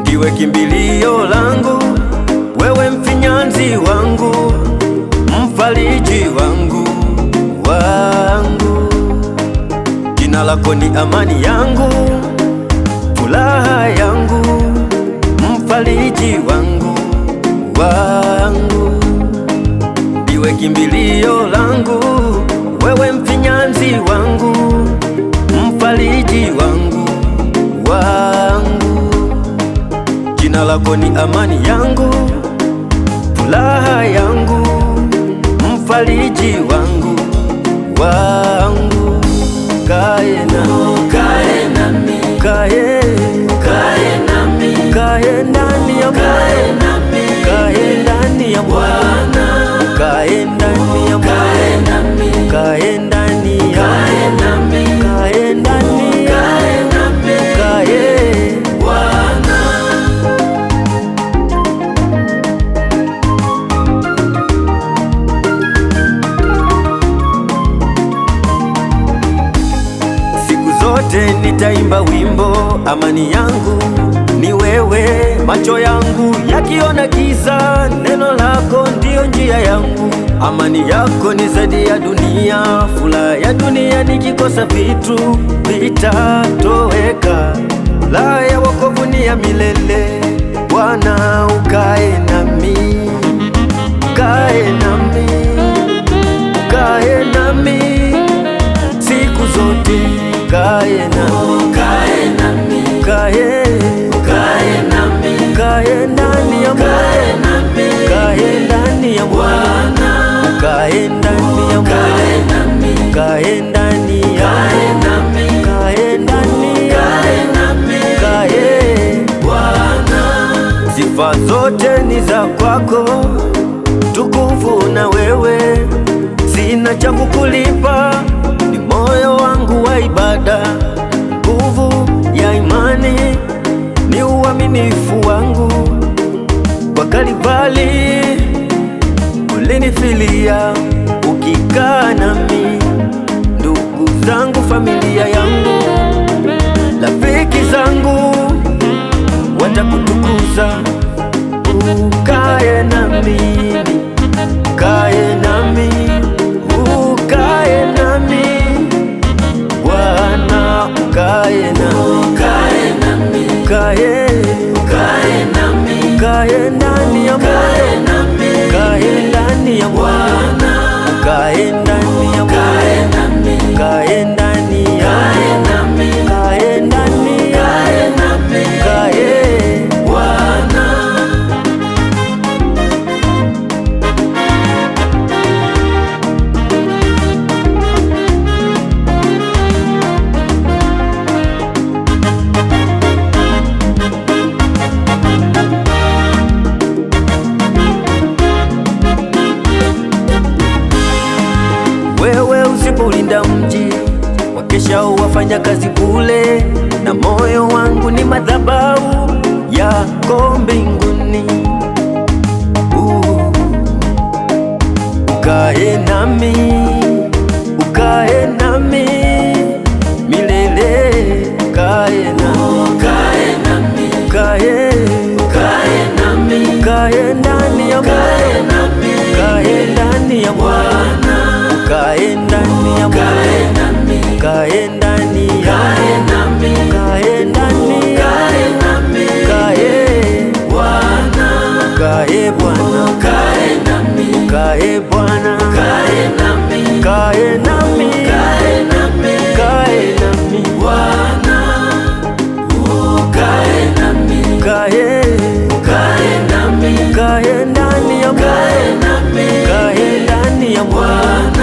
Ndiwe kimbilio langu, wewe mfinyanzi wangu, mfariji wangu Jina lako ni amani yangu, furaha yangu, mfariji wangu wangu, ndiwe kimbilio langu, wewe mfinyanzi wangu, mfariji wangu wangu. Jina lako ni amani yangu, furaha yangu, mfariji wangu wangu Kae ndani ya kae ndani ya Siku zote nitaimba wimbo, amani yangu ni wewe, macho yangu yakiona giza, neno lako ndiyo njia yangu. Amani yako ni zaidi ya dunia, furaha ya dunia. Nikikosa vitu vitatoweka, furaha ya wokovu ni ya milele. Bwana ukae nami, ukae nami, ukae nami siku zote, ukae nami zote ni za kwako tukufu, na wewe sina cha kukulipa, ni moyo wangu wa ibada, nguvu ya imani ni uaminifu wangu kwa Kalvari ulinifilia ukikaa nami, ndugu zangu, familia yangu, rafiki zangu watakutukuza ukae nami Nishau wafanya kazi kule, na moyo wangu ni madhabahu yako mbinguni. Uh, ukae nami, ukae nami milele, ukae nami, ukae ndani ya moyo Kae ndani, kae nami, kae ndani, kae nami, kae Bwana, kae Bwana, kae nami, kae Bwana, kae nami, kae nami, kae nami, kae nami Bwana, ukae oh, nami, kae, ukae nami, kae ndani ya Bwana, kae ndani ya Bwana